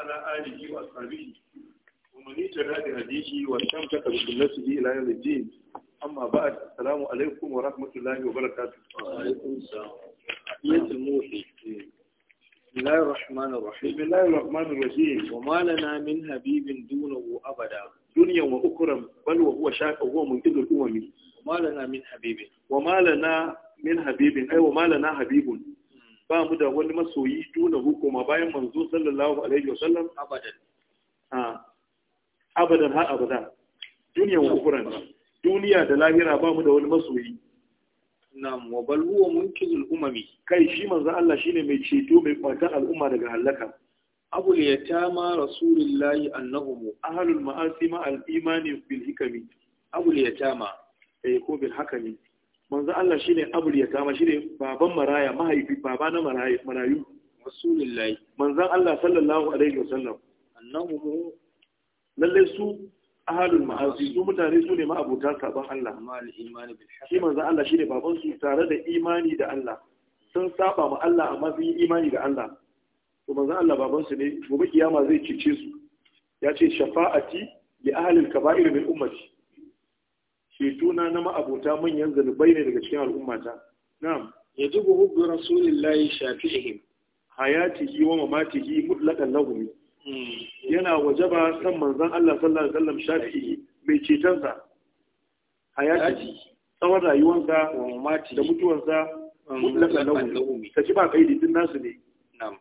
وعلى آله وأصحابه ومن اهتدى بهديه واستمسك بسنته إلى يوم الدين أما بعد السلام عليكم ورحمة الله وبركاته وعليكم السلام ورحمة الموحي بسم الله الرحمن الرحيم بسم الله الرحمن الرحيم وما لنا من حبيب دونه أبدا دنيا وأخرى بل وهو شاك وهو من إذ الأمم وما لنا من حبيب وما لنا من حبيب أي وما لنا حبيب ba mu da wani masoyi duna hukuma bayan manzo sallallahu alaihi wa sallam abadan abadan Ha abada duniya wa duniya da lahira ba mu da wani masoyi nam wa bal huwa munkizul umami kai shi manzo Allah shine mai ceto mai kwata al'umma daga halaka abu yatama rasulullahi annahum ahlul ma'asima ma al imani bil hikami abu yatama eh ko bil hakami manzo Allah shine abul ya kama shine baban maraya mahaifi baba na marayu rasulullahi manzo Allah sallallahu alaihi wasallam annahu lalle su ahalul ma'azi su mutane su ne ma'abuta saban Allah shi manzo Allah shine baban su tare da imani da Allah sun saba ma Allah amma sun yi imani da Allah to manzo Allah baban su ne gobe kiyama zai cece su ya ce shafa'ati li ahlil kaba'ir min ummati cetona na ma'abota manyan zanubai ne daga cikin al'ummata na'am yajibu hubbu rasulillahi shafi'ihim yi wa mamatihi mutlaqan lahum hmm. yana waje ba, san manzan Allah sallallahu alaihi wasallam shafi'i mai cetonsa Hayati, tsawon rayuwanka wa mamati da mutuwarsa mutlaqan Ka ci ba kai din nasu ne na'am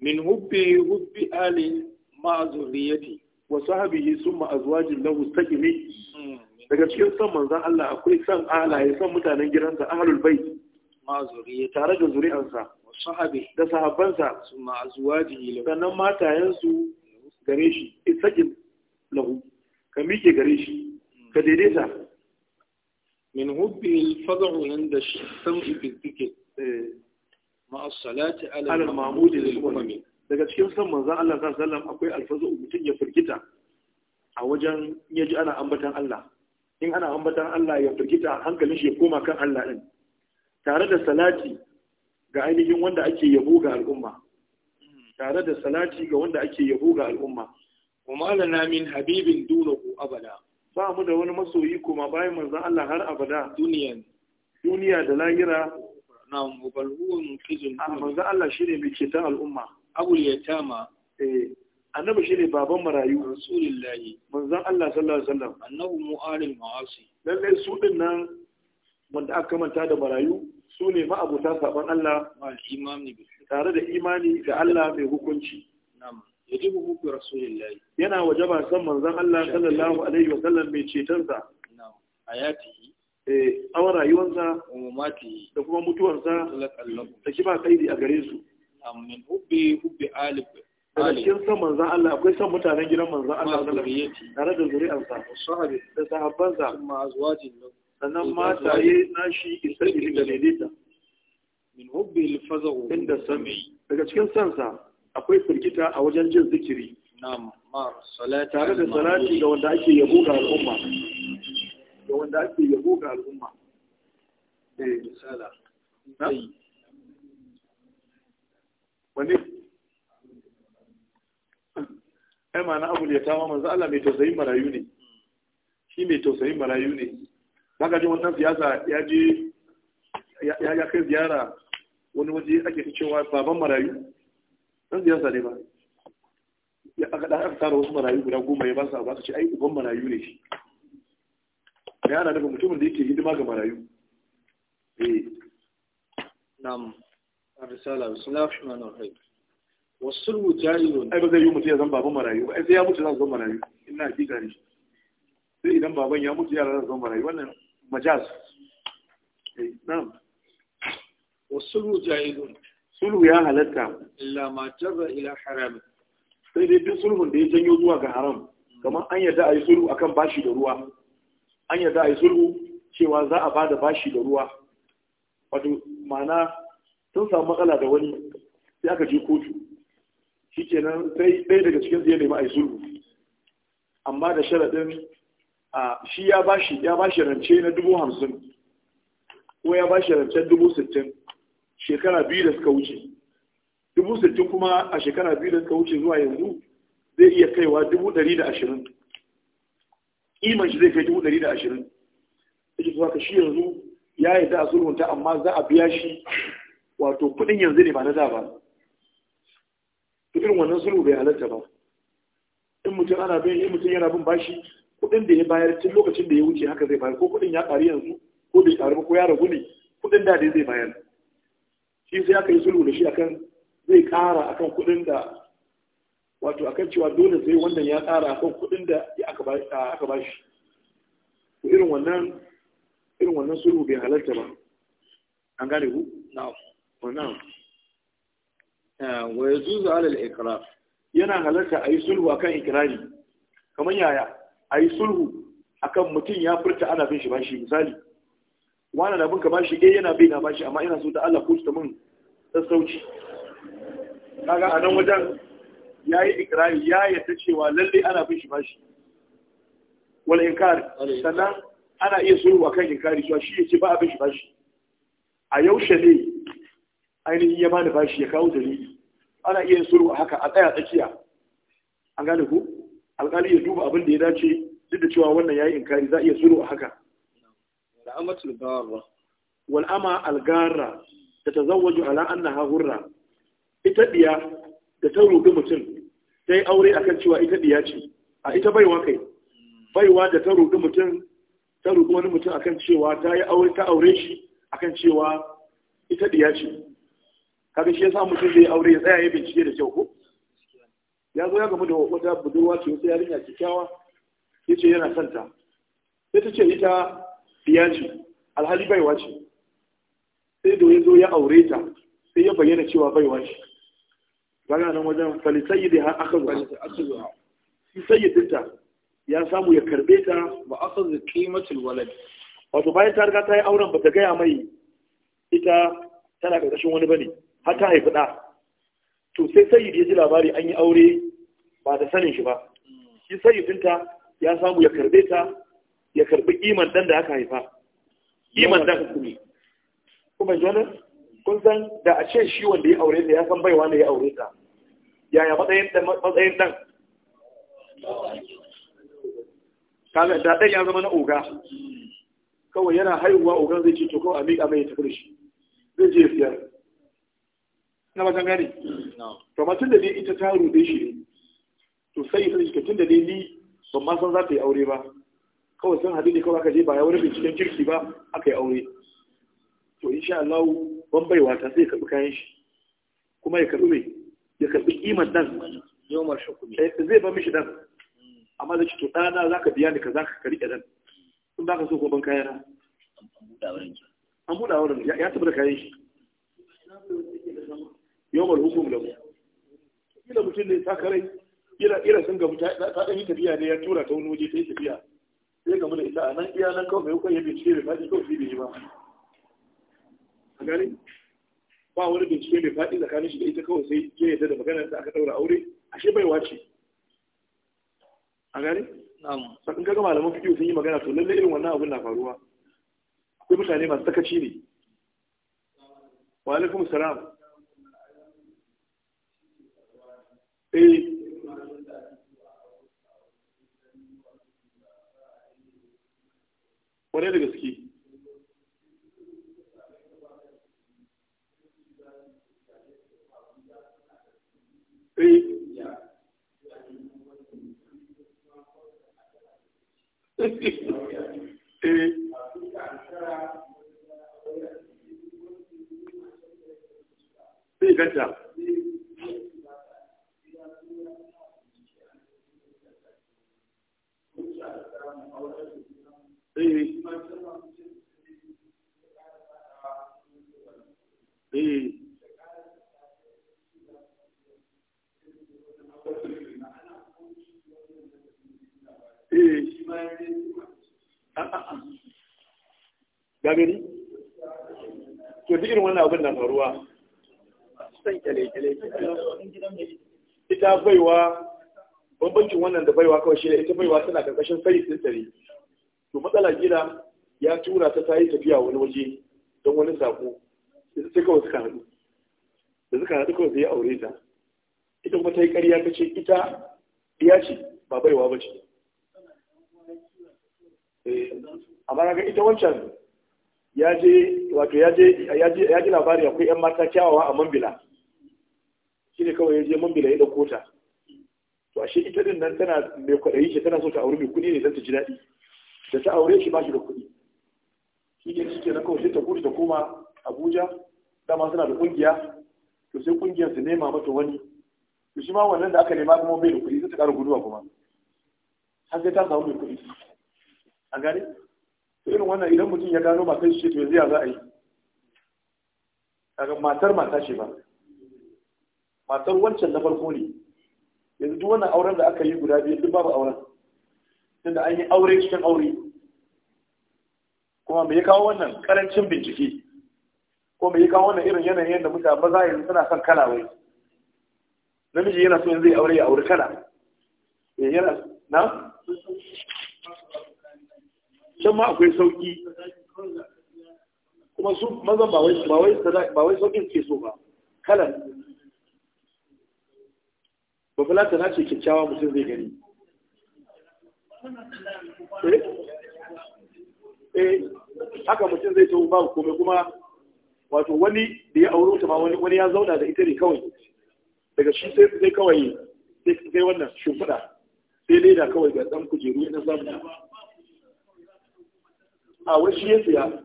min hubbi hubbi ali ma zurriyati wa sahbihi summa azwajin lahu stakini hmm. daga cikin son manzan Allah akwai son ya son mutanen gidansa ahlul bait bai tare da zuri'ansa sahabi da sahabbansa su ma azwajihi sannan matayensu gare shi isaqin lahu ka miƙe gare shi hmm. ka daidaita min hubbi al-fadhu inda sam'i bi dhikr eh. ma as-salati ala al-mahmud lil-umam daga cikin son manzan Allah sallallahu alaihi wasallam akwai alfazo mutum ya firgita a wajen yaji ana ambatan Allah in ana ambatan Allah ya firgita hankalin shi ya koma kan Allah ɗin tare da salati ga ainihin wanda ake yabo ga al'umma tare da salati ga wanda ake yabo ga al'umma kuma lana min habibin dunahu abada ba mu da wani masoyi kuma bayan manzon Allah har abada duniyan duniya da lahira na mubalhuwa mukizun amma ah, manzon Allah shine mai ceton al'umma abul yatama eh annabi ne baban marayu rasulullahi manzon Allah sallallahu alaihi wasallam annahu mu'alil ma'asi lalle su dinnan wanda aka manta da marayu su ne ma'abuta saban Allah tare da imani da Allah mai hukunci na'am yajibu hukmu rasulillahi yana wajaba san manzon Allah sallallahu alaihi wasallam mai cetonsa na'am eh rayuwarsa umumati da kuma mutuwarsa da kiba kaidi a gare su na'am min hubbi hubbi alif daga cikin san manzan Allah akwai san mutanen gidan manzan Allah tare da zuri'arsa da sahabbansa sannan mata yi nashi isra'ili da daidaita min hubbi alfazahu inda sami daga cikin sansa akwai firgita a wajen jin zikiri tare da salati ga wanda ake yabo ga al'umma ga wanda ake yabo ga al'umma eh misala wani ai ma na abul tawa manzo Allah mai tausayin marayu ne shi mai tausayin marayu ne zaka ji wannan siyasa ya je ya kai ziyara wani waje ake ta cewa baban marayu dan siyasa ne ba ya aka da aka tara wasu marayu guda goma ya ba su ba su ce ai uban marayu ne shi ya ana daga mutumin da yake hidima ga marayu eh nam arsala bismillahir rahmanir rahim wasulhu jarirun ai ba zai yi mutu ya zan baban marayu ai sai ya mutu za zan zama marayu ina hakika ne sai idan baban ya mutu yara zan zan zama marayu wannan majaz eh, na'am wasulhu jarirun sulhu ya halatta illa ma jarra ila haram sai dai duk sulhun da ya janyo zuwa ga haram kamar an yarda a yi sulhu akan bashi da ruwa an yarda a yi sulhu cewa za a bada bashi da ruwa wato ma'ana sun samu matsala da wani sai aka je kotu shikenan sai ɗaya daga cikin su ya nemi ai sulhu amma da sharaɗin shi ya bashi ya bashi rance na dubu hamsin ko ya bashi rancen dubu sittin shekara biyu da suka wuce dubu sittin kuma a shekara biyu da suka wuce zuwa yanzu zai iya kaiwa dubu ɗari da ashirin iman shi zai kai dubu ɗari da ashirin yake zuwa ka shi yanzu ya yarda a sulhunta amma za a biya shi wato kuɗin yanzu ne ba na da ba irin wannan sulhu bai halatta ba in mutum ana bin in mutum yana bin bashi kuɗin da ya bayar tun lokacin da ya wuce haka zai bayar ko kuɗin ya ƙari yanzu ko bai ƙaru ba ko ya ragu ne kuɗin da dai zai bayar shi sai aka yi sulhu da shi akan zai ƙara akan kuɗin da wato akan cewa dole sai wanda ya ƙara akan kuɗin da aka ba shi irin wannan irin wannan sulhu bai halatta ba an gane ku na'am wannan oh, Eh, wa ya ala al-iqrar yana halarta ayi sulhu akan ikrari kamar yaya ayi sulhu akan mutum ya furta ana bin shi bashi misali wani na binka bashi eh yana bai na bashi amma ina so ta Allah ko ta mun sassauci kaga a nan wajen yayi ikrari ya yadda cewa lalle ana bin shi bashi wala inkari sannan ana iya sulhu akan inkari cewa shi ce ba a bin shi bashi a yaushe ne ainihin ya bani bashi ya kawo dalili ana iya sulhu haka a tsaya tsakiya an gane ku alƙali ya duba abin da ya dace duk da cewa wannan yayi inkari za a iya sulhu haka al'amatul garra wal ama al garra tatazawwaju ala annaha hurra ita diya da ta rubi mutum sai aure akan cewa ita diya ce a ita baiwa kai baiwa da ta rubi mutum ta rubi wani mutum akan cewa ta yi aure ta aure shi akan cewa ita diya ce kaga shi yasa mutum zai aure ya tsaya ya bincike da kyau ko ya zo ya gamu da wata budurwa ce wata yarinya kyakkyawa ya ce yana son ta sai ta ce ita biya ce alhali baiwa ce sai da ya zo ya aure ta sai ya bayyana cewa baiwa ce baga nan wajen falisayi da aka zuwa shi dinta ya samu ya karbe ta ba aka zuwa kimacin walad wato bayan ta riga ta yi auren ba ta gaya mai ita tana ƙarƙashin wani ne. har ta haifi ɗa to sai sayyid ya ji labari an yi aure ba da sanin shi ba shi sayyidinta ya samu ya karbe ta ya karbi iman dan da aka haifa iman dan hukumi kuma jana kun san da a ce shi wanda ya aure ta ya san baiwa ne ya aure ta yaya matsayin dan matsayin dan da ɗan ya zama na oga kawai yana haihuwa ogan zai ce to kawai a miƙa mai tafi da shi zai je siyar na wajen gari to ma tun da dai ita ta rude shi ne to sai ita shi tun da dai ni ban ma san za ta yi aure ba kawai sun haɗu ne kawai aka je ba ya wani binciken kirki ba aka yi aure to insha Allah ban baiwa ta sai ya karɓi kayan shi kuma ya karɓi mai ya karɓi kiman dan eh, zai ba mishi dan amma da ci to ɗana za ka biya ni ka za ka riƙe dan sun ba ka so ko ban kayana an buɗa wurin ya tabbata kayan shi yawon hukum da mu. kila mutum ne sakarai ila ira sun mutum ta ɗan yi tafiya ne ya tura ta wani waje ta yi tafiya sai gamu da ita a nan iya nan kawai mai kwan ya bincike mai faɗi kawai sai bai yi ba a gani ba wani bincike mai faɗi tsakanin shi da ita kawai sai ke yadda da maganar da aka ɗaura aure ashe bai wace a gani sakin kaga malaman fiye sun yi magana to lallai irin wannan abin na faruwa akwai mutane masu sakaci ne wa alaikum salam eh kwarai da gaske eh. Eh. Zai ganta. eh eh, eh. Ah, ah, ah. gabiri to duk irin wannan abin na faruwa san kyale-kyale ita baiwa bambancin wannan da baiwa kawai shi ita baiwa suna karkashin sayi tsintare to matsala gida ya tura ta tayi tafiya wani waje don wani sako sai kawai suka haɗu da suka haɗu kawai sai ya aure ta ita kuma ta yi ƙarya ta ce ita ɗiya ce ba baiwa ba ce eh, amma ga ita wancan ya je wato ya ji labari akwai yan mata kyawawa a mambila shi ne kawai ya je mambila ya ɗauko ta to ashe ita din nan tana mai kwaɗayi ce tana so ta auri mai kuɗi ne don ta ji daɗi da ta aure shi ba shi da kuɗi shi ne shi ke na kawai ta gudu ta koma abuja dama suna da ƙungiya to sai ƙungiyar su nema mata wani to shi ma wannan da aka nema kuma bai da kuɗi sai ta ƙara guduwa kuma har sai ta samu mai kuɗi a gane to irin wannan idan mutum ya gano matar shi to yanzu ya za a yi Daga matar mata ce ba matar wancan na farko ne yanzu duk wannan auren da aka yi guda biyu duk babu auren tunda an yi aure cikin aure kuma me ya kawo wannan karancin bincike ko me ya kawo wannan irin yanayin yadda muka maza yanzu suna son kala wai namiji yana so ya aure ya aure kala eh yana na can ma akwai sauki kuma su mazan ba wai ba wai ba wai saukin ke so ba kalan ba na ce kyakkyawa mutum zai gani Eh, eh haka mutum zai tawo ba komai kuma wato wani da ya auro ta ma wani ya zauna da ita ne kawai daga shi sai kawai sai wannan shimfiɗa sai leda kawai ga dan kujeru na zamani a wani shi ya siya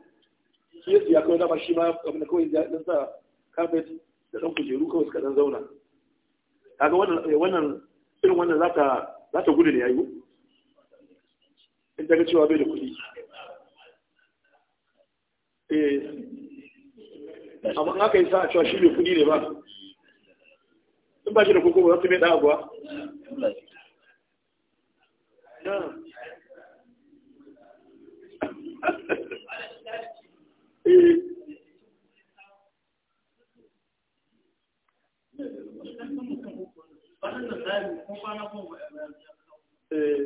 shi ya siya kawai dama shi ma abin da kawai ya sa kafet da ɗan kujeru kawai suka ɗan zauna kaga wannan eh, irin wannan za ta gudu ne ya yi in ta cewa bai da eh. amma haka yi sa a cewa shi bai kudi ne ba in ba shi da kuku ba mai ɗaya Eh.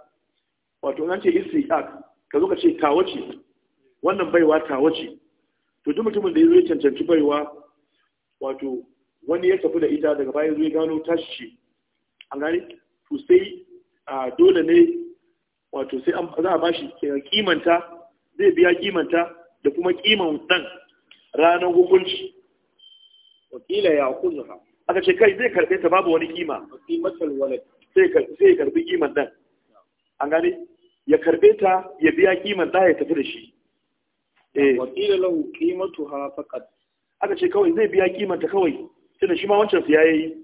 wato nan ce istiqaq ka zo ka ce tawa ce wannan baiwa tawa ce to duk mutumin da ya zo ya cancanci baiwa wato wani ya tafi da ita daga baya zo ya gano tashi ce an gani, to sai dole ne wato sai za a bashi kimanta zai biya kimanta da kuma kiman dan ranar hukunci wakila ya kuzuha aka ce kai zai karbe ta babu wani kima sai karbi kiman dan an gane ya karbe ta ya biya kimar da ya tafi da shi eh wakila qila lahu qimatuha faqat aka ce kawai zai biya kimar ta kawai tunda shi ma wancan su yayi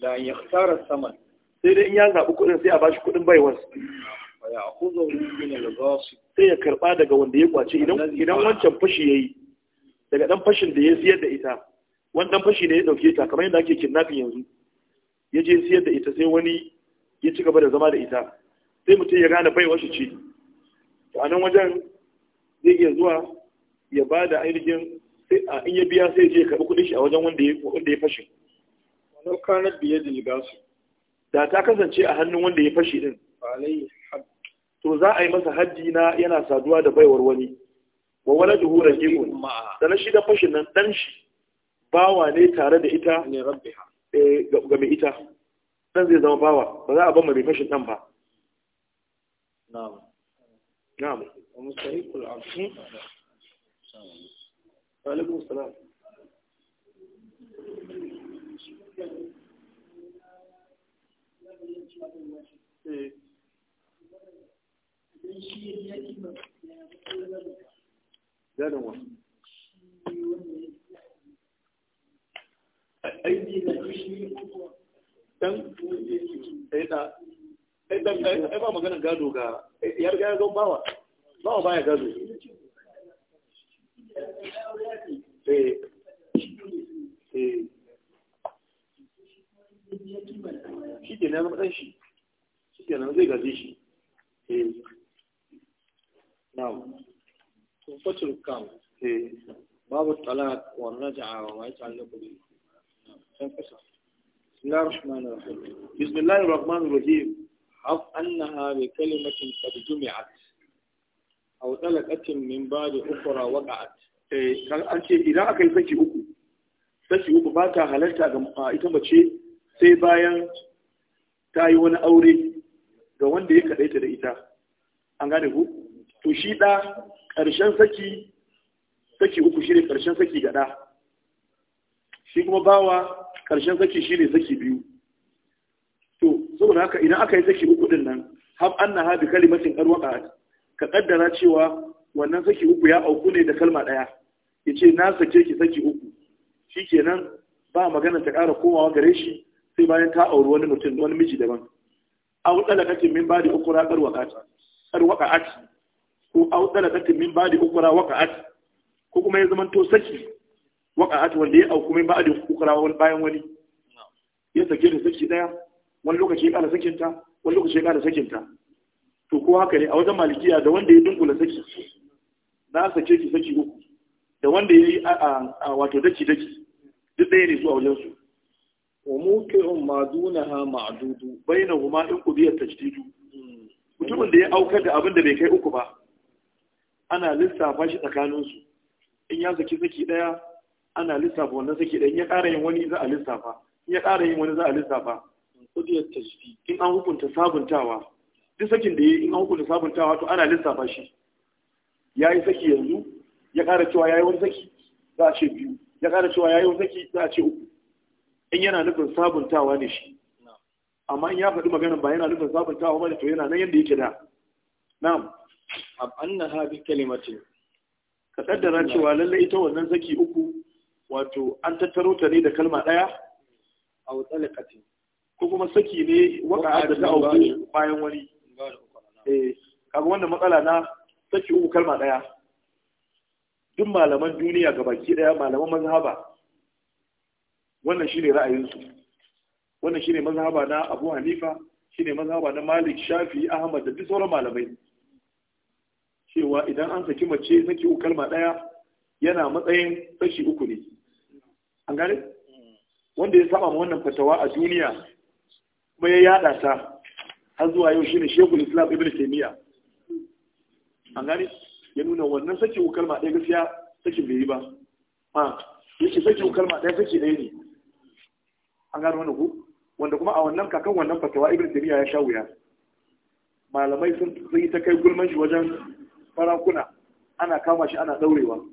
la yakhtara saman sai dai in ya zabi kudin sai a bashi kudin baiwar ya ya'khudhu min al-ghasib sai ya karba daga wanda ya kwace idan idan wancan fashi yayi daga dan fashin da ya siyar da ita wannan fashi ne ya dauke ta kamar yadda ake kidnapping yanzu ya je siyar da ita sai wani ya ci gaba da zama da ita sai mutum ya gane baiwar shi ce to a nan wajen zai iya zuwa ya ba da ainihin sai in ya biya sai je karɓi kudi shi a wajen wanda ya fashe wannan kanar biye da ligasu da ta kasance a hannun wanda ya fashe din to za a yi masa hajji na yana saduwa da baiwar wani wa wala duhu rajiun sanan shi da fashin nan dan shi bawa ne tare da ita ne rabbiha eh ga mai ita dan zai zama bawa ba za a bar mai fashin dan ba na'am na'am mustahiqul afu wa alaikum salam Gadon wasu. Aiki na shi ɗan ai ba maganar gado ga ya riga ya zama bawa bawa baya gado eh eh shi shi shi ke zai gaji shi eh now kam eh babu talak wa raja'a wa ma bi kasa بسم الله الرحمن الرحيم بسم الله الرحمن الرحيم أو أنها بكلمة قد جمعت أو طلقت من بعد أخرى وقعت an ce idan aka yi saki uku saki uku ba halarta a ita mace sai bayan ta yi wani aure ga wanda ya kaɗaita da ita an gane ku to shi ɗa ƙarshen saki uku shi ne saki ga ɗa shi kuma bawa ƙarshen saki shi saki biyu saboda haka idan aka yi saki uku din nan hab anna ha bi kalimatin arwaqa ka kaddara cewa wannan saki uku ya auku ne da kalma daya yace na sake ki saki uku shikenan ba magana ta ƙara komawa gare shi sai bayan ta auri wani mutum wani miji daban aw dalaqatin min ba'di ukra arwaqat arwaqat ko aw dalaqatin min ba'di ukra waqa'at ko kuma ya zama to saki waqa'at wanda ya auku min ba'di ukra wani bayan wani ya sake da saki daya wani lokaci ya ƙara sakinta wani lokaci ya ƙara sakinta to ko haka ne a wajen malikiya da wanda ya dunkula saki na sake ki saki uku da wanda ya yi a wato daki daki duk ɗaya ne wajensu. a wajen su wa muqi'un ma bai na kuma in qudiya tajdidu hmm. mutumin da ya aukar da abin da bai kai uku ba ana lissafa shi tsakanin su in ya saki saki daya ana lissafa wannan saki ɗaya. in ya ƙara yin wani za a lissafa in ya ƙara yin wani za a lissafa kudiyar tajdi in an hukunta sabuntawa duk sakin da ya in an hukunta sabuntawa to ana lissafa shi ya yi saki yanzu ya ƙara cewa ya yi wani saki za a ce biyu ya ƙara cewa ya yi wani saki za a ce uku in yana nufin sabuntawa ne shi amma in ya faɗi maganin ba yana nufin sabuntawa ba ne to yana nan yadda yake da na'am abanna ha bi kalimatin ka kaddara cewa lalle ita wannan saki uku wato an tattaro ta ne da kalma ɗaya a wutsalaƙatin ko kuma saki ne waka da ta auku bayan wani eh kaga wannan matsala na saki uku kalma daya duk malaman duniya gabaki daya malaman mazhaba wannan shine ra'ayinsu wannan shine mazhaba na Abu Hanifa shine mazhaba na Malik Shafi Ahmad da duk sauran malamai cewa idan an saki mace saki uku kalma daya yana matsayin sashi uku ne an gane mm. wanda ya saba wannan fatawa a duniya kuma ya yada ta har zuwa yau shine shekul islam ibn taymiya an gani ya nuna wannan sakin kalma ɗaya gaskiya saki bai yi ba a yake sakin kalma ɗaya saki ɗaya ne an gano wani ku wanda kuma a wannan kakan wannan fatawa ibn taymiya ya sha wuya malamai sun yi ta kai gulman shi wajen farakuna ana kama shi ana daurewa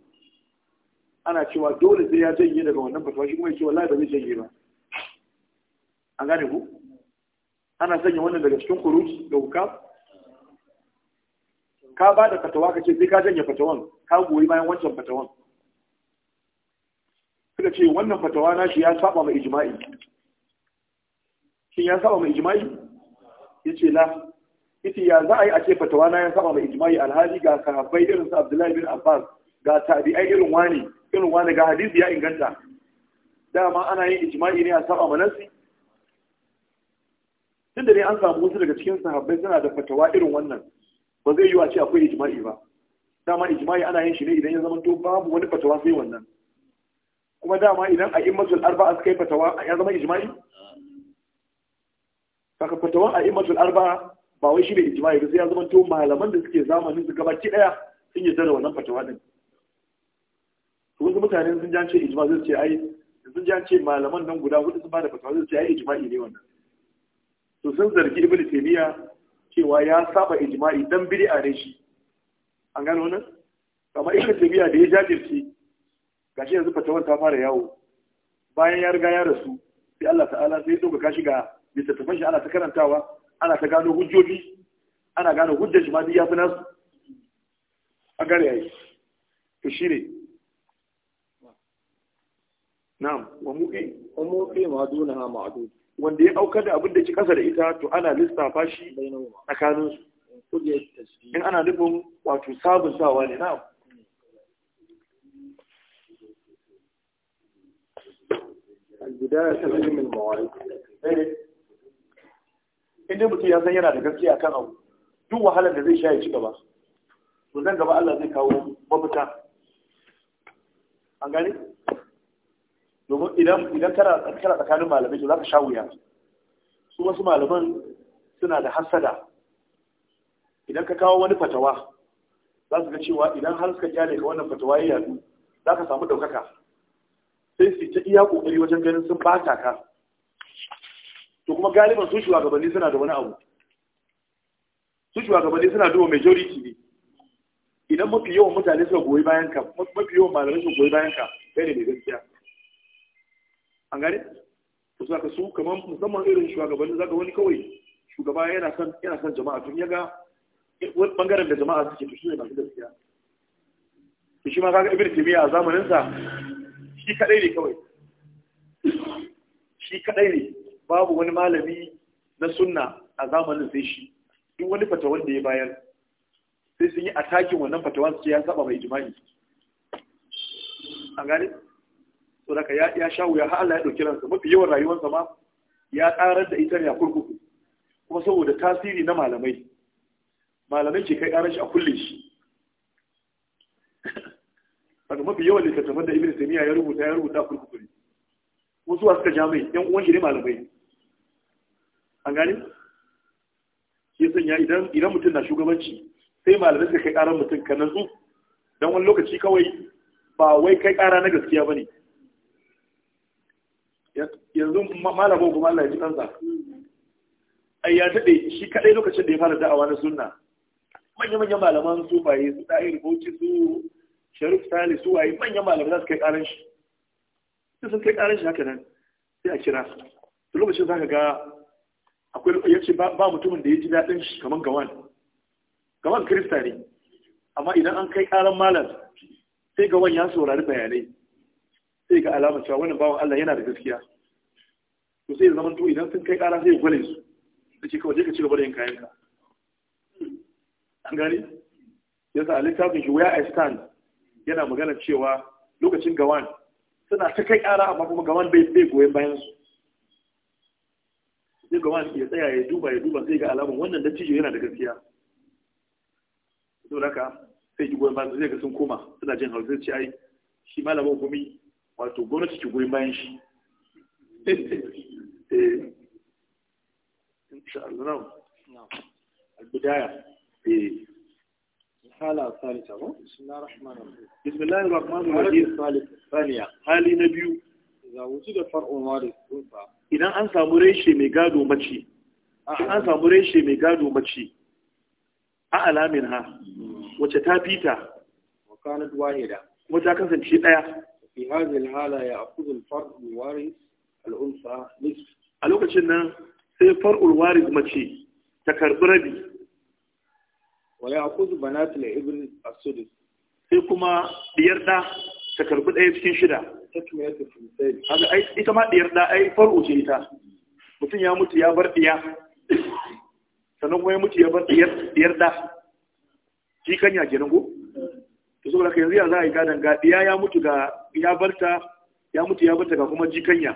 ana cewa dole sai ya janye daga wannan fatawa shi kuma ya ce wallahi ba zai janye ba an gane ku ana sanya wannan daga cikin kuruci da wuka ka ba da fatawa ka ce sai ka janye fatawan ka goyi bayan wancan fatawan suka ce wannan fatawa na shi ya saba mai ijma'i shin ya saba mai ijma'i ya ce la ita ya za a yi a ce fatawa na ya saba mai ijma'i alhali ga sahabbai irin su abdullahi bin abbas ga tabi'ai irin wani irin wani ga hadisi ya inganta dama ana yin ijma'i ne a saba manasi tunda ne an samu wasu daga cikin sahabbai suna da fatawa irin wannan ba zai yi wa ce akwai ijma'i ba dama ijma'i ana yin shi ne idan ya zama to babu wani fatawa sai wannan kuma dama idan a immatul arba'a suka yi fatawa ya zama ijma'i saka fatawa a immatul arba'a ba wai shi ne ijma'i ba sai ya zama to malaman da suke zamanin su gabaki daya sun yi zara wannan fatawa din wasu mutane sun ji an ce ijma zai ce ai sun ji an ce malaman nan guda hudu sun ba da fatawa zai ce ai ijma'i ne wannan to sun zargi ibn taymiya cewa ya saba ijma'i dan bid'a ne shi an gano nan kamar ibn taymiya da ya jajirce gashi yanzu fatawar ta fara yawo bayan ya riga ya rasu sai Allah ta'ala sai ya dauka shi ga littattafan shi ana ta karantawa ana ta gano hujjoji ana gano hujjar shi ma duk ya fi nasu a gare yayi to shine na'am wa muqi wa muqi ma dunaha ma'dud wanda ya aukar da abin da ke kasa da ita to ana lissafa shi tsakanin su in ana nufin wato sabon sawa ne na eh. inda mutum ya san yana da gaskiya kan abu duk wahalar da zai sha ya ci gaba to zan gaba Allah zai kawo mafita an gani domin idan idan kana kana tsakanin malamai to zaka sha wuya su wasu malaman suna da hasada idan ka kawo wani fatawa za su ga cewa idan har suka kyale ka wannan fatawa ya yadu za ka samu ɗaukaka sai su ta iya ƙoƙari wajen ganin sun bata ka to kuma galiban su shugabanni suna da wani abu su shugabanni suna duba majority ne idan mafi yawan mutane suka goyi bayan ka mafi yawan malamai suka goyi bayan ka kai ne mai gaskiya an gane za ka su kamar musamman irin shugabanni ka wani kawai shugaba yana son jama'a tun yaga wani bangaren da jama'a suke to shine masu gaskiya to shi ma kaga ibnu taymiya a zamaninsa? shi kadai ne kawai shi kadai ne babu wani malami na sunna a zamanin sai shi duk wani fatawan da ya bayar sai sun yi atakin wannan fatawan su ya saba mai jima'i an gane so daga ya ya sha wuya har Allah ya dauki ransa mafi yawan rayuwarsa ma ya karar da ita ne a kurkuku kuma saboda tasiri na malamai malamai ke kai karar shi a kulle shi daga mafi yawan littattafan da Ibn Taymiyyah ya rubuta ya rubuta a kurkuku ne wasu suka ja mai yan uwan shi ne malamai an gani shi sanya idan idan mutum na shugabanci sai malamai suka kai karar mutum ka nazu dan wani lokaci kawai ba wai kai kara na gaskiya bane yanzu malama kuma Allah ya ji kansa ai ya dade shi kadai lokacin da ya fara da'awa na sunna manya-manyan malaman su sufaye su ɗahir bauchi su sharif sali su waye manyan malaman su kai ƙaran shi su sun kai ƙaran shi haka nan sai a kira da lokacin za ka ga akwai ya ce ba mutumin da ya ji daɗin shi kamar gawan gawan kirista ne amma idan an kai ƙaran malam sai gawan ya saurari bayanai sai ga alama cewa wannan bawan Allah yana da gaskiya to sai zaman to idan sun kai ƙara sai gwale su da ce kawai ka ci gaba da yin kayanka. an gani yasa a littafin shi where I stand yana magana cewa lokacin gawan suna ta kai ƙara amma kuma gawan bai bai goyen bayan su sai gawan ya tsaya ya duba ya duba sai ga alamun wannan dattijo yana da gaskiya saboda haka sai ki goyon bayan su sai ga sun koma suna jin hausa ci ai shi malamin gumi wato gwamnati ke goyi bayan shi eh, albidaya eh. na biyu za da idan an samu reshe mai gado mace an samu reshe mai gado mace a alamin ha hmm. wacce ta fita wa ne kuma ta kasance ɗaya. a lokacin nan sai far'ul waris mace ta karbi rabi wa ya'khudhu banatul ibn as-sudus sai kuma diyar da ta karbi cikin shida ita ma diyar da ai far'u ce ita mutum ya mutu ya bar diya sannan kuma ya mutu ya bar diyar diyar da jikanya kenan ko saboda ka yanzu ya za a yi gadon ga ya ya mutu ga ya barta ya mutu ya barta ga kuma jikanya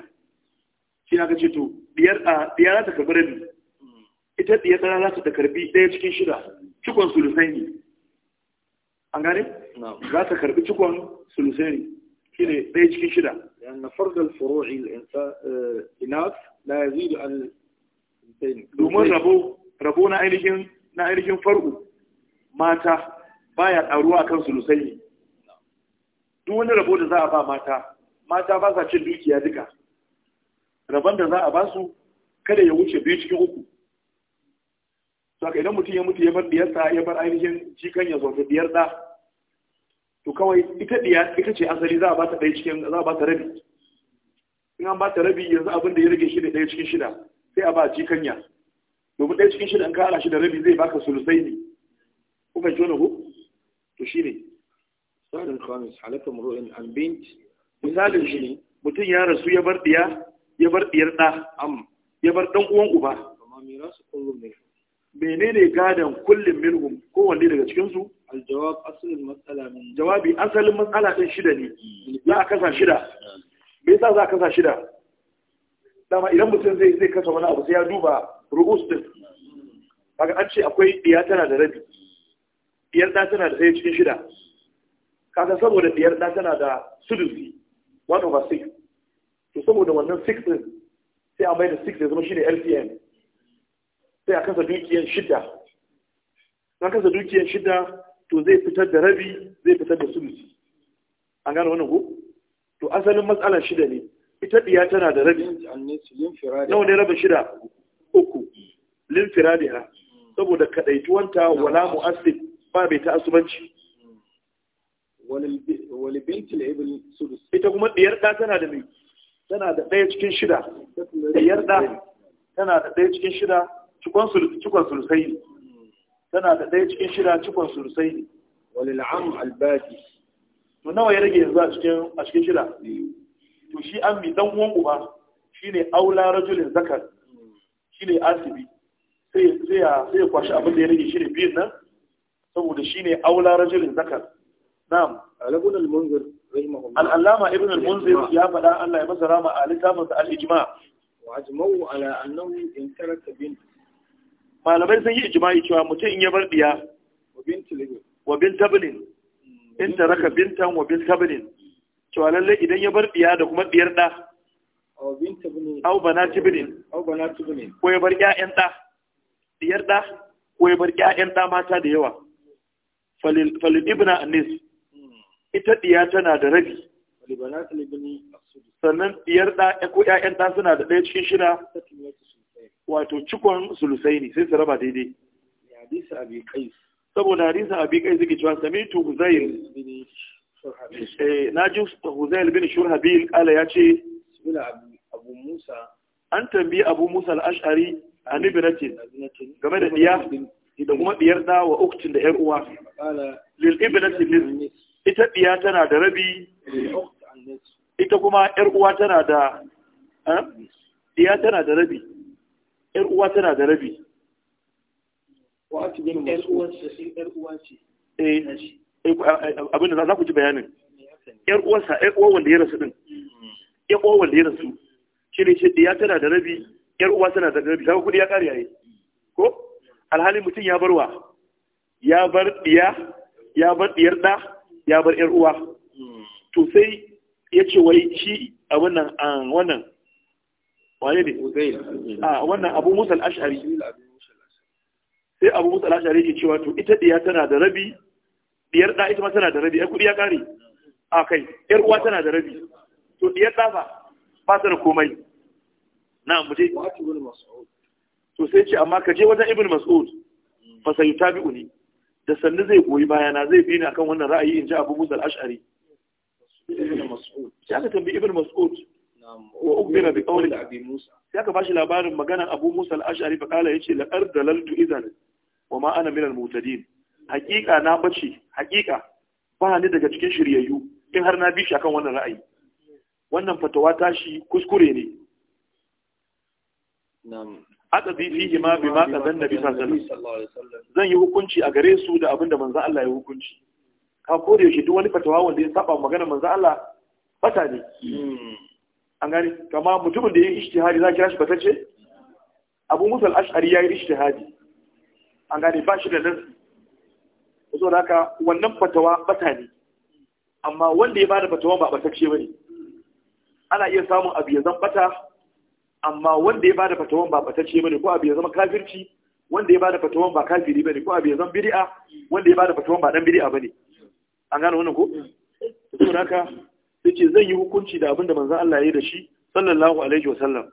shi aka ce to diyar a diyar ta karbi rabi ita diyar tsara za ta karbi ɗaya cikin shida cikon sulusai ne an gane za ta karbi cikon sulusai ne shi ne ɗaya cikin shida na fardal furu'i eh, inaf la yazidu an domin rabo rabo na ainihin na ainihin far'u mata baya karuwa kan sulusai duk wani rabo da za a ba mata mata ba sa cin dukiya duka rabon da za a ba su kada ya wuce biyu cikin uku saka idan mutum ya mutu ya bar diyarsa ya bar ainihin jikan ya zofi diyar da to kawai ita diya ita ce asali za a ba ta ɗaya cikin za a ba ta rabi in an ba ta rabi yanzu abin da ya rage shi da ɗaya cikin shida sai a ba jikanya domin ɗaya cikin shida in ka ana shi da rabi zai baka sulusai ne kuka ji wani ku to shi ne misalin khamis halaka muru'in an misalin shi ne mutum ya rasu ya bar diya ya bar diyar da am ya bar dan uwan uba amma mirasu kullum ne gadon kullum minhum kowanne daga cikinsu aljawab asalin matsala min jawabi asalin matsala ɗin shida ne za a kasa shida mai sa za a kasa shida dama idan mutum zai kasa wani abu sai ya duba ru'us din kaga an ce akwai diya tana da rabi Biyar da tana da sai cikin shida kaga saboda biyar da tana da sudusi one over six to saboda wannan six din sai a mai da six ya zama shine lcm sai a kasa dukiyan shida na kasa dukiyan shida to zai fitar da rabi zai fitar da sudusi an gane wannan ko to asalin matsalar shida ne ita biya tana da rabi nawa ne rabin shida uku linfiradiha saboda kadaituwanta wala mu'assib ba mai Wani wal bintil ibn sudus ita kuma diyar da tana da mai tana da ɗaya cikin shida diyar da tana da ɗaya cikin shida cikon sulusai ne tana da ɗaya cikin shida cikon sulusai ne Wani am albaki to nawa ya rage yanzu a cikin a cikin shida to shi an mi dan uwan uba ne aula rajulin zakar hmm. ne asibi sai ya sai ya kwashi abin da ya rage shi ne biyun nan saboda shi ne aula rajulin zakar na'am alabun al-munzir rahimahullah al-allama ibn al-munzir ya faɗa Allah ya masa rama a littafin sa al-ijma wa ajma'u ala annahu in taraka bint malamai sun yi ijma'i cewa mutum in ya bar diya wa bint tablin mm, in taraka bintan wa bint tablin cewa lalle idan ya bar diya da kuma diyar da aw bana tablin aw bana tablin ko ya bar ƴaƴan da diyar da ko ya bar ƴaƴan da mata da yawa falil ibna anis ita diya tana da rabi sannan diyar da ko ƴaƴan ɗa suna da ɗaya cikin shida wato cikon sulusai ne sai su raba daidai saboda hadisin abi kai suke cewa samitu huzail eh, na ji huzail bin shurhabil kala ya ce an tambayi abu musa al-ash'ari an ibnatin game da diya da kuma diyar da wa uktin da yar uwa lil ibnati lil ita diya tana da rabi ita kuma yar uwa tana da eh? diya tana da rabi yar uwa tana da rabi wa atibin yar uwa ce uwa eh, ce eh, eh abin da za ku ji bayanin yar uwarsa yar uwa wanda ya rasu din mm. yar uwa wanda ya rasu shi ne shi diya tana da rabi yar uwa tana da rabi kaga kudi ya kare yayi mm. ko alhali mutum ya barwa ya bar diya ya bar diyar da ya bar yar uwa to sai ya ce wai shi a ah, wannan wannan waye ne a ah, wannan abu musal ash'ari sai abu musal ash'ari ke cewa to ita diya tana da rabi diyar da ita ma tana da rabi ai kudi ya kare a kai yar uwa tana da rabi to diyar da ba ba ta da komai na mutum to sai ce amma ka je wajen ibn mas'ud fa sayutabi'u ni da sannu zai goyi bayana zai bi ni akan wannan ra'ayi in ji abu musa al-ash'ari Ya ka tambayi ibn mas'ud wa ukbira bi qawli abi musa sai aka bashi labarin maganar abu musa al-ash'ari fa kala yace la qad dalaltu idan wa ma ana min al-mutadin hakika na bace hakika ba ni daga cikin shiryayyu in har na bi shi akan wannan ra'ayi wannan fatawa tashi kuskure ne aqdi fihi ma bima qadan nabi sallallahu alaihi wasallam zan yi hukunci a gare su da abinda manzo Allah ya hukunci ka kore shi duk wani fatawa wanda ya saba magana manzo Allah fata ne an gani kama mutumin da ya yi ishtihadi za kira shi batacce abu musa al-ash'ari ya yi ijtihadi an gani ba shi da nasi so da haka wannan fatawa bata ne amma wanda ya bada fatawa ba batacce bane ana iya samun abu ya zan bata amma wanda ya bada fatawan ba batacce bane ko abu ya zama kafirci wanda ya bada fatawan ba kafiri bane ko abu ya zama bid'a wanda ya bada fatawan ba dan bid'a bane an gane wannan ko to haka yace zan yi hukunci da abinda manzon Allah ya yi da shi sallallahu alaihi wa sallam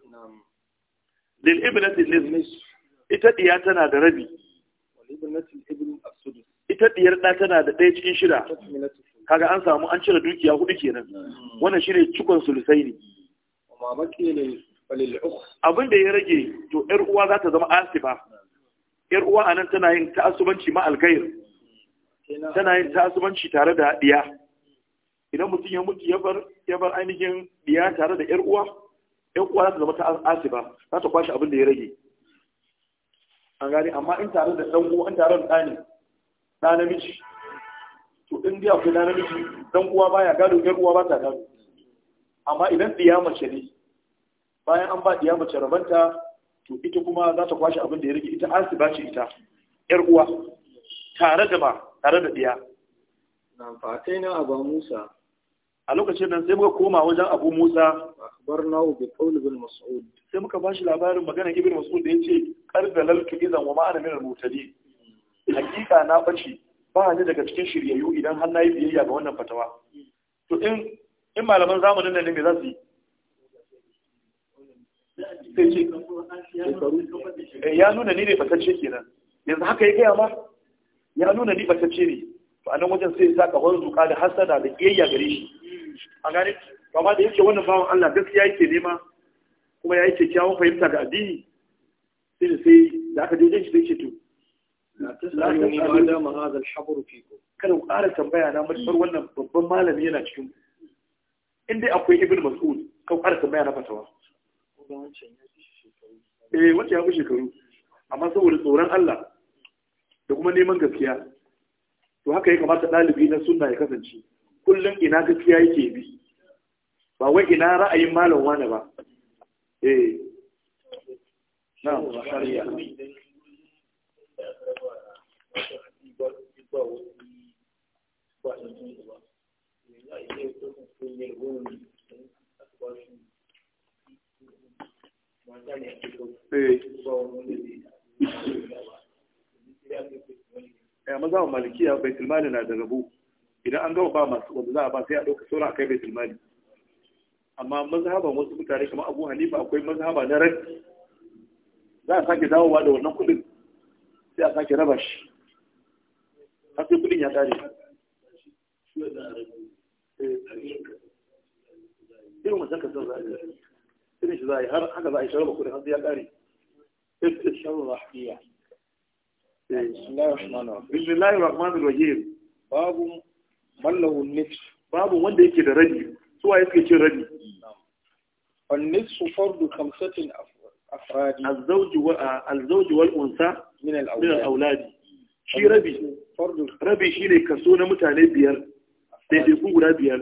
lil ibnati lis ita diya tana da rabi ita diyar da tana da ɗaya cikin shida kaga an samu an cire dukiya hudu kenan wannan shine cikon sulusai ne Abinda ya rage to yar uwa za ta zama asiba yar uwa anan tana yin ta’asubanci ma alkhair tana yin ta’asubanci tare da diya idan mutum ya mutu ya bar ainihin diya tare da yar uwa yar uwa za ta zama asifa asiba za ta kwashe abinda ya rage an gani amma in tare da dan uwa in tare da ɗani ɗa namiji to in dai akwai ɗa namiji dan uwa baya gado yar uwa ba ta gado amma idan diya mace ne bayan an ba ɗiya mace rabanta to ita kuma za ta kwashe abin da ya rage ita su bace ita yar uwa tare da ba tare da diya na fatai na abu musa a lokacin nan sai muka koma wajen abu musa akbar nawo bi qawl bin mas'ud sai muka bashi labarin magana ibn mas'ud da yace qardalaltu idan wa ma'ana min al-mutadi hmm. hakika na bace ba ni daga cikin shiryayyu idan har nayi biyayya ga wannan fatawa to in in malaman zamanin nan ne me za su yi sai eh, ce ya nuna ni ne fatacce kenan yanzu haka ya gaya ma ya nuna ni fatacce ne to a nan wajen sai sa kawar zuka da hasada da ƙiyayya gare shi a gane amma da yake wannan bawan Allah gaskiya yake nema kuma ya yi kyakkyawan fahimta ga addini sai da sai da aka je shi sai ce to kada ku ƙara tambaya na matuƙar wannan babban malami yana cikin in dai akwai ibn mas'ud kan ƙara tambaya na fatawa eh wancan ya fi shekaru amma saboda tsoron Allah da kuma neman gaskiya to haka ya kamata ɗalibi na sunna ya kasance kullum ina gaskiya yake bi ba wai ina ra'ayin malam eh. wani ba eh na shari'a ba eh, eh maza wa malikiya baitul mali na da rabu idan an gama ba masu wanda za a ba sai a ɗauka saura a kai baitul mali amma mazhaban wasu mutane kamar abu hanifa akwai mazhaba na rai za a sake dawowa da wannan kudin sai a sake raba shi har sai kudin ya kare eh. irin wasan kasar zaɓe irin shi har haka kare bismillahir rahmanir rahim babu mallahu nifs babu wanda yake da rabi su waye suke cin rabi an nifsu fardu khamsatin wa al wal unsa min al shi rabi fardu rabi shine kaso na mutane biyar daidai ku guda biyar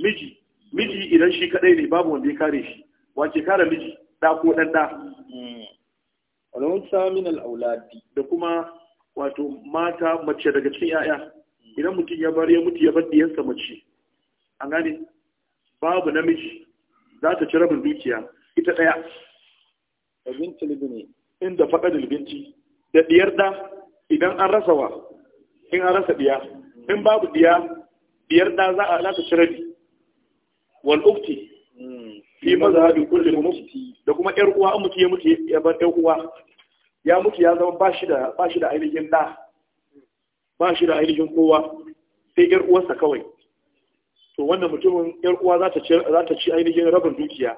miji miji idan shi kadai ne babu wanda ya kare shi wace kare miji da ko dan da walawun samin al-auladi da kuma wato mata mace daga cikin yaya idan mutum ya bar ya mutu ya bar diyarsa mace an gane babu namiji za ta ci rabin dukiya ita daya abin tilibini inda faɗa libinci da diyar da idan an rasa wa in an rasa diya in babu diya diyar da za a ta ci rabi wal ukti fi hmm. mazhabi kulli mufti da kuma yar uwa mutu ya mutu ya bar yar uwa ya mutu ya zama ba shi da da ainihin da ba shi da ainihin kowa sai yar uwarsa kawai to wannan mutumin yar uwa za ta ci za ta ci ainihin rabin dukiya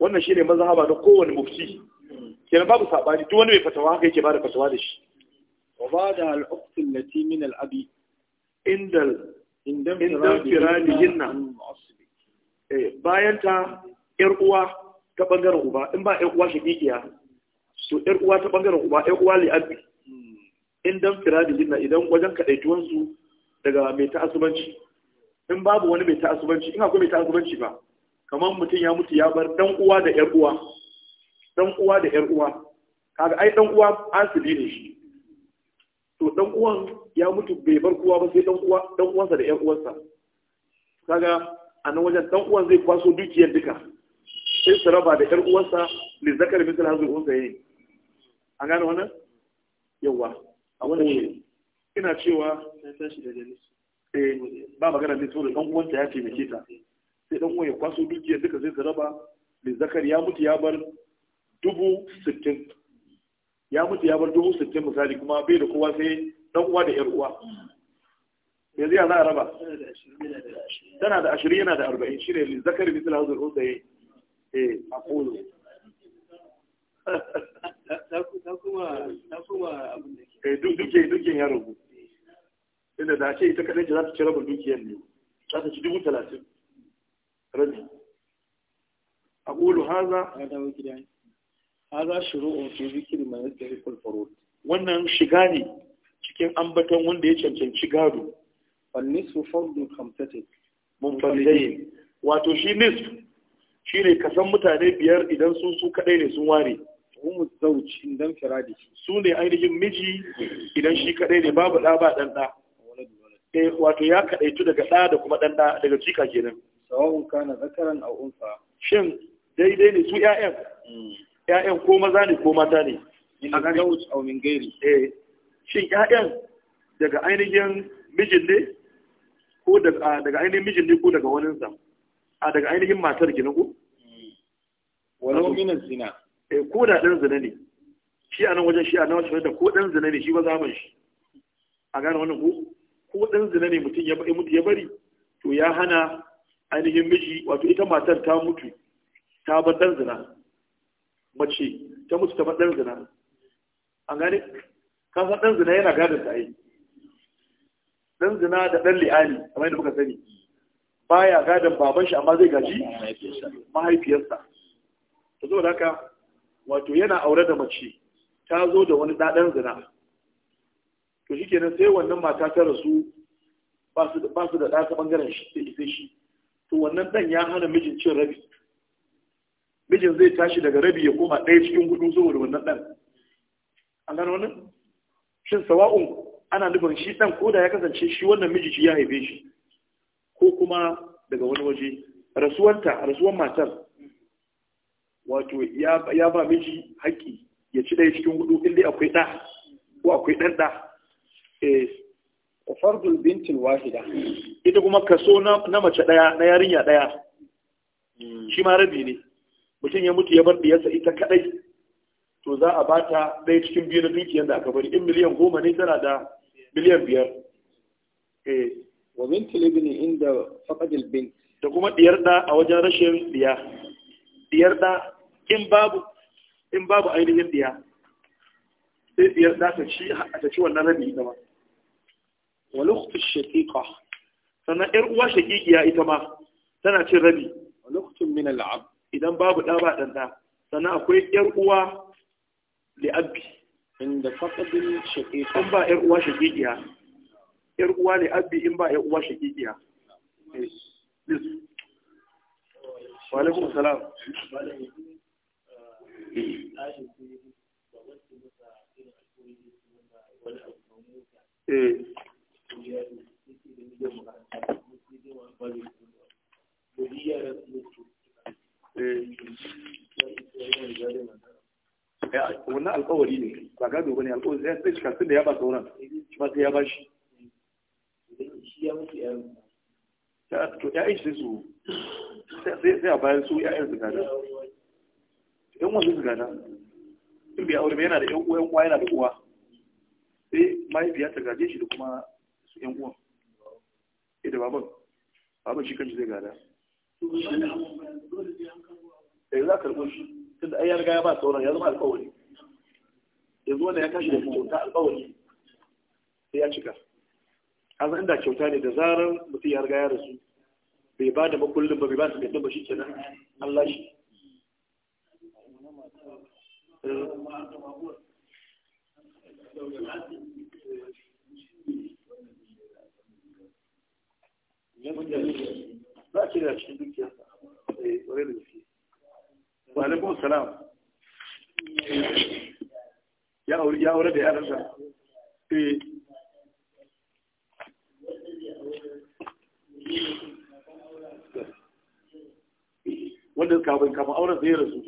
wannan shine mazhaba da kowane mufti kenan babu sabani duk wani mai fatawa haka yake bada fatawa da shi wa ba'da al-ukht lati min al-abi indal inda Eh, bayan ta ‘yar uwa ta ɓangaren uba in ba ‘yar uwa shakikiya so ‘yar uwa ta ɓangaren uba ‘yar uwa abi in dan firadi na idan wajen su daga mai ta'asubanci in babu wani mai ta'asubanci in akwai mai ta'asubanci ba kamar mutum ya mutu ya bar dan uwa da ‘yar uwa dan uwa da ƴar uwa kaga ai dan uwa asili ne shi to dan uwan ya mutu bai bar kowa ba sai dan uwa dan uwansa da ‘yar uwansa kaga a nan wajen dan uwan zai kwaso dukiyar duka sai su raba da ƴar uwansa ne zakar misal hazu uwansa yayi an gane wannan yawa a wannan shi ina cewa sai tashi da jalis eh ba magana ne tsoro dan uwanta ya taimake ta sai dan uwan ya kwaso dukiyar duka sai su raba li zakar ya mutu ya bar dubu sittin ya mutu ya bar dubu sittin misali kuma bai da kowa sai dan uwa da ƴar uwa yanzu ya za a raba tana da ashirin yana da arba'in shi ne zakar misal hazar unsa ya yi eh, a kolo duke duken ya rabu inda da ce ita kaɗai za ta ci rabin dukiyar ne za ta ci dubu talatin rabi a kolo haza haza shiru'un fi zikiri mai yadda rikul farod wannan shiga ne cikin ambaton wanda ya cancanci gado فالنصف فرض خمسة منفردين wato shi nisf shi ne kasan mutane biyar idan sun su هم ne sun ware umu zauci idan firadi su ne ainihin miji idan shi kaɗai ne babu wato ya kaɗaitu daga ɗa da kuma ɗan ɗa daga cika kenan sawa'un kana zakaran a unsa shin daidai ne su ƴaƴan ƴaƴan ko maza ne ko mata ne in zauj aw min eh shin ƴaƴan daga ainihin mijin ne ko daga ainihin mijin ne ko daga sa? a daga ainihin matar gina ko walau minan zina eh ko da dan zina ne shi a nan wajen shi a nan wajen da ko dan zina ne shi ba zaman shi a gane wannan ko ko dan zina ne mutum ya mutu ya bari to ya hana ainihin miji wato ita matar ta mutu ta bar dan zina mace ta mutu ta bar dan zina an gane kan san dan zina yana gadon ta yi dan zina da dan li'ani kamar yadda muka sani baya gadan baban shi amma zai gaji mahaifiyarsa to zo haka wato yana aure da mace ta zo da wani dadan zina to shikenan sai wannan mata ta rasu ba su ba su da ɗa ta bangaren shi sai shi to wannan dan ya hana mijin cin rabi mijin zai tashi daga rabi ya koma ɗaya cikin gudu saboda wannan dan an gano wannan shin sawa'un ana nufin shi ɗan koda ya kasance shi wannan miji shi ya haife shi ko kuma daga wani waje rasuwanta rasuwan matar wato ya ba miji haƙƙi ya ci ɗaya cikin hudu inda akwai ɗa ko akwai ɗan ɗa eh, fardul bintin wahida ita kuma kaso na mace ɗaya na yarinya ɗaya hmm. shi ma rabi ne mutum ya mutu ya bar diyarsa ita kaɗai. to za a bata ɗaya cikin biyu na dukiyar da aka bari in miliyan goma ne tana da miliyan biyar eh wa bint ibn inda faɗaɗin bin. da kuma ɗiyar da a wajen rashin ɗiya. Ɗiyar da in babu in babu ainihin ɗiya, sai ɗiyar da ta ci a ta ci wannan rabi ita ma wal ukht al shaqiqa sannan yar uwa shaqiqiya ita ma tana cin rabi wal ukht min al ab idan babu ɗa ba dan da sannan akwai yar uwa li abi inda faqadin shaƙi in ba ‘yar uwa shaqiqiya ‘yar uwa ne abbi in ba ‘yar uwa shaqiqiya eh eh Eh, wannan alkawari ne ba gado bane alkawari sai sai shika da ya ba sauran shi ma sai ya ba shi shi ya mutu ya ta to ya yi su sai a bayar su ya'yan su gada yan wasu su gada in bai aure yana da yan uwa yan uwa yana da uwa sai mahaifiya ta gaje shi da kuma su yan uwan ita baban baban shi kanshi zai gada sai eh, za a karɓo shi tunda ai ya riga ya ba sauran ya zama alƙawari yanzu wanda ya kashi da kyauta alƙawari sai ya cika kaza inda kyauta ne da zarar mutum ya riga ya rasu bai ba da makullin ba bai ba su mai ba shi kenan Allah shi za a ce da cikin dukiyarsa ƙwarai da gaske Walaikum salam. Ya aure da yaransa. Eh. Wanda kafin kama auren zai rasu.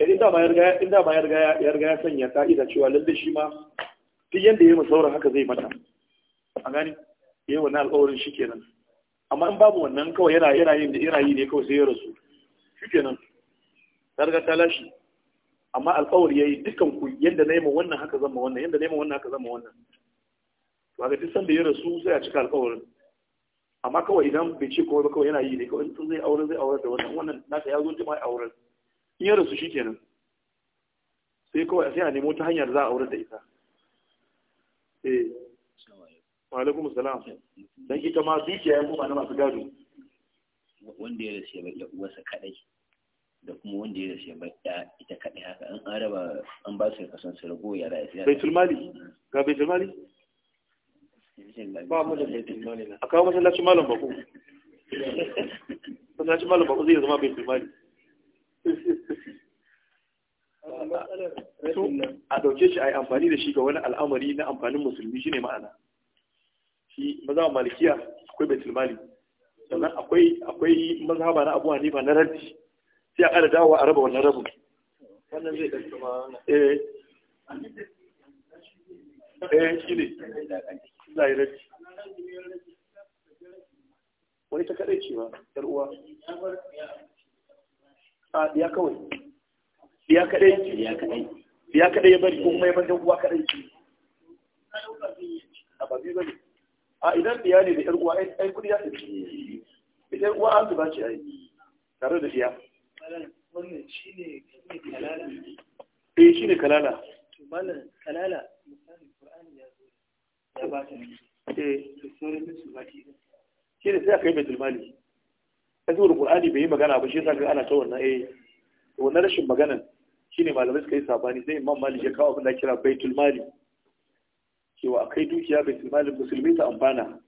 Eh, inda ba ya riga ya sanya ta'ida cewa lalle shi ma duk yadda ya yi masaurin haka zai mata. A gani? yayi wannan alƙawarin shikenan amma in babu wannan kawai yana yana yin da yana yi ne kawai sai ya rasu shikenan ta riga ta lashi amma alƙawari yayi dukkan ku yanda na yi ma wannan haka zan ma wannan yanda na yi ma wannan haka zan ma wannan to ga duk sanda ya rasu sai a cika alƙawarin amma kawai idan bai ce komai ba kawai yana yi ne kawai in zai aure zai aure da wannan wannan naka ya zo jima ya aure in ya rasu shikenan sai kawai sai a nemo ta hanyar za a aure da ita eh wa alaikum salam dan ita ma dukiya ya kuma na masu gado wanda ya rasu ya bar uwarsa kaɗai da kuma wanda ya rasu ya bar ita kaɗai haka an araba an ba su kasan su rago ya rayu baitul mali ga baitul mali ba mu da baitul mali a kawo masallacin malam bako masallacin malam bako zai zama baitul mali a dauke shi a yi amfani da shi ga wani al'amari na amfanin musulmi shine ma'ana shi mazhaban malikiya akwai baitul mali sannan akwai akwai mazhaba na abu hanifa na raddi sai a kada dawo a raba wannan rabin wannan zai ɗauki ma eh eh shi ne za a wani ta kaɗai ce yar uwa a ya kawai ya kaɗai ya kaɗai ya kaɗai ya bari ko kuma ya bar uwa kaɗai a babu biyu bane a idan diya ne da yar uwa ai kudi ya tafi idan uwa an zuba ce ai tare da diya wannan shine kalala eh shine kalala to malam kalala misali qur'ani ya zo ya ba ta eh to sauran su ba ki shi ne sai aka yi baitul mali sai qur'ani bai yi magana ba shi yasa ga ana ta wannan eh wannan rashin maganan shine malamai suka yi sabani sai imam malik ya kawo abin da kira baitul mali cewa akwai dukiya bai malin musulmi ta amfana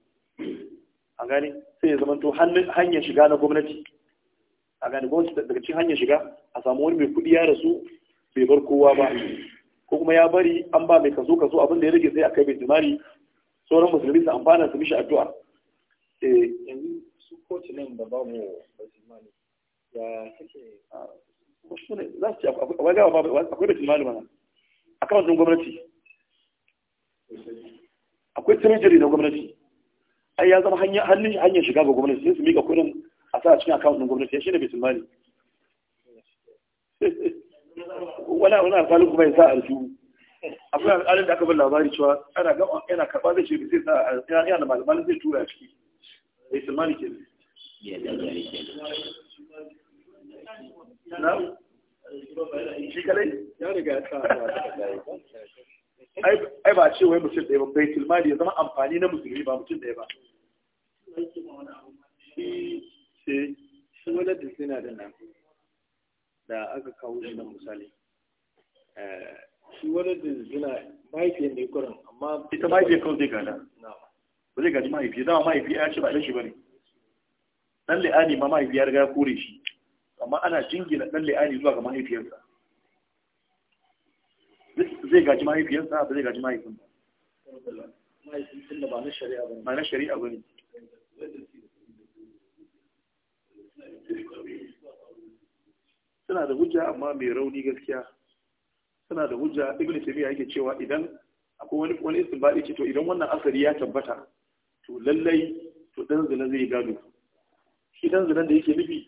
a gani sai ya zama to hanyar shiga na gwamnati a gani gwamnati daga cikin hanyar shiga a samu wani mai kuɗi ya rasu bai bar kowa ba ko kuma ya bari an ba mai kaso kaso abin da ya rage sai akai bai jimari sauran musulmi ta amfana su mishi addu'a eh yanzu su kotu nan da babu musulmani ya kake za su ce akwai da musulmani mana a kawai gwamnati akwai tirjiri na gwamnati ai ya zama hanyar shiga ga gwamnati sai su mika kudin a sa cikin akawun gwamnati shi ne bai tsammani. wani wani alfalin kuma ya sa a rufu akwai alfalin da aka bin labari cewa ana gaba yana karɓa zai ce zai sa yana da malamalin zai tura ciki Bai tsammani ke na shi ya riga ya sa ai ba ce wai mutum ɗaya ba baitul mali ya zama amfani na musulmi ba mutum ɗaya ba shi wani da suna da nan da aka kawo shi da misali eh, shi wani da suna mahaifiyar da ya kurin amma ita mahaifiyar kawai zai gada ba zai gaji mahaifi Zama mahaifi ya ce ba ɗan shi ba ne ɗan le'ani ma mahaifi ya riga kore shi amma ana jingina ɗan le'ani zuwa ga mahaifiyarsa zai gaji mahaifiyarsa ba zai gaji mahaifin ba ba na shari'a ba ne suna da hujja amma mai rauni gaskiya suna da hujja ibn tabiya yake cewa idan akwai wani wani istinbadi ce to idan wannan asari ya tabbata to lallai to dan zina zai gado shi dan zina da yake nufi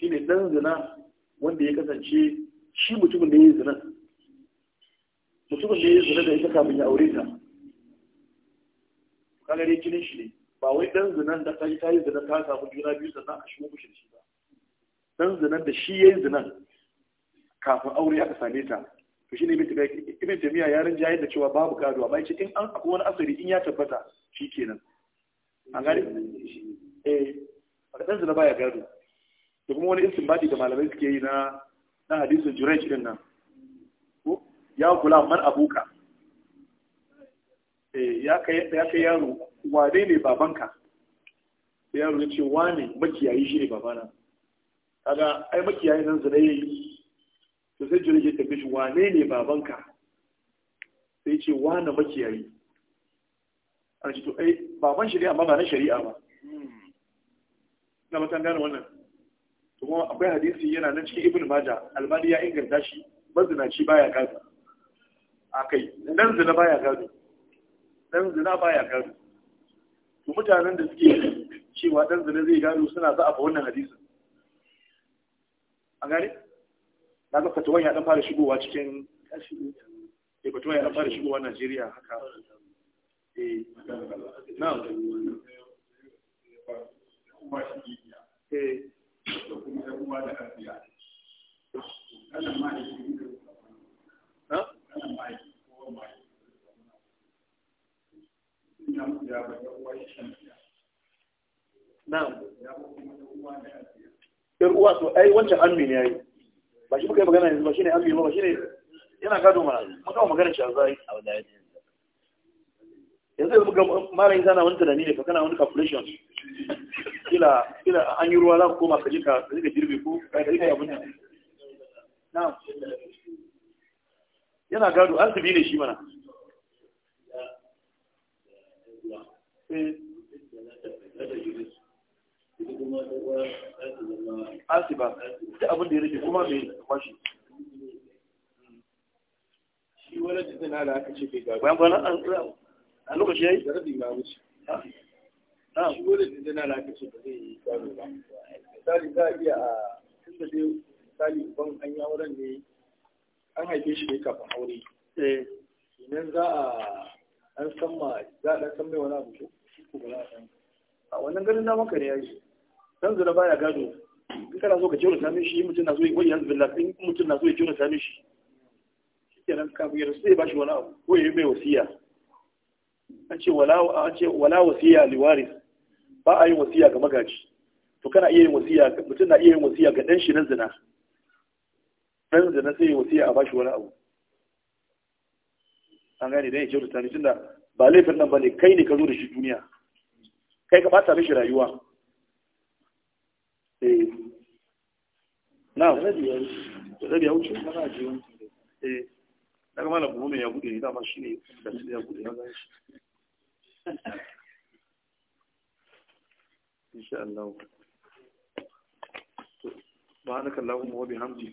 shine dan zina wanda ya kasance shi mutumin da ya yi zina mutumin da ya zina da ita kafin ya aure ta kaga jinin shi ne ba wai dan zinan da ta yi ta yi zinan ta samu juna biyu sannan a shigo mishi da shi ba dan zinan da shi ya yi zinan kafin aure aka same ta to shine ibn tabiya ibin jami'a ya rinja da cewa babu gado amma yace in an akwai wani asiri in ya tabbata shi kenan. an gari eh a dan zina baya gado da kuma wani istinbati da malamai suke yi na na hadisin jurai din nan ya kula man abuka eh, ya kai yaro wane ne babanka yaro ya ce wane makiyayi shi ne babana kaga ai makiyayi nan zai yi to sai jirage ta tafi shi wane ne babanka sai ce wane makiyayi a ce to ai baban shi ne amma ba na shari'a ba na matan gane wannan to kuma akwai hadisi yana nan cikin ibn majah albani ya inganta shi mazinaci baya kaza a kai dan zina baya gado dan zina baya gado to mutanen da suke cewa dan zina zai gado suna za a fa wannan hadisin a gane na ga fatawan ya dan fara shigowa cikin eh fatawan ya dan fara shigowa Najeriya haka eh na eh da kuma da kuma da asiya yar uwa so ai wancan ammi ne yayi ba shi muka yi magana yanzu ba shi shine ammi ba shi ne yana gado mana muka magana shi a zai a wanda yaji yanzu yanzu ga mara yin zana wani tunani ne kana wani calculation kila kila an yi ruwa za ku koma ka je ka jirgin girbe ko ka je ka yi abin nan na'am yana gado arziki ne shi mana asiba da abin da ya kuma mai kwashi shi wani na da aka ce gado bayan an a lokaci garbi na wuce shi wani da aka ce gado ba misali za a iya a tun da dai misali ban ne an haife shi ne kafin aure eh idan za a an san ma za a dan san mai wani abu ko ba za a wannan ganin da maka ne yayi dan zura baya gado in kana so ka jira sami shi mutum na so ya yanzu billah in mutum na so ya jira sami shi shikenan kafin ya rasu zai bashi wani abu ko ya yi mai wasiya an ce wala an ce wala wasiya liwaris ba a yin wasiya ga magaji to kana iya yin wasiya mutum na iya yin wasiya ga dan shi na zina dan zina sai ya wasiya a bashi wani abu an gane dan ya kyautata ni da ba laifin nan bane kai ne ka zo da shi duniya kai ka bata mishi rayuwa eh na rabi ya wuce eh daga mana buhu mai ya gude dama shi ne da ya gude ya gani shi insha Allah سبحانك اللهم وبحمدك